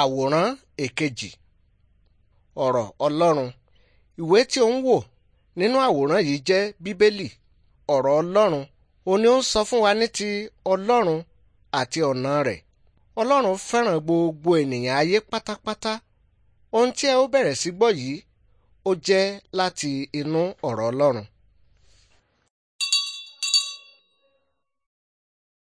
àwòrán èkejì ọ̀rọ̀ ọlọ́run ìwé tí ó ń wò nínú àwòrán yìí jẹ́ bíbélì ọ̀rọ̀ ọlọ́run òun ni ó ń sọ fún wa ní ti ọlọ́run àti ọ̀nà rẹ̀ ọlọ́run fẹ́ràn gbogbo ènìyàn ayé pátápátá ohun tí ẹ ó bẹ̀rẹ̀ sí gbọ́ yìí ó jẹ́ láti inú ọ̀rọ̀ ọlọ́run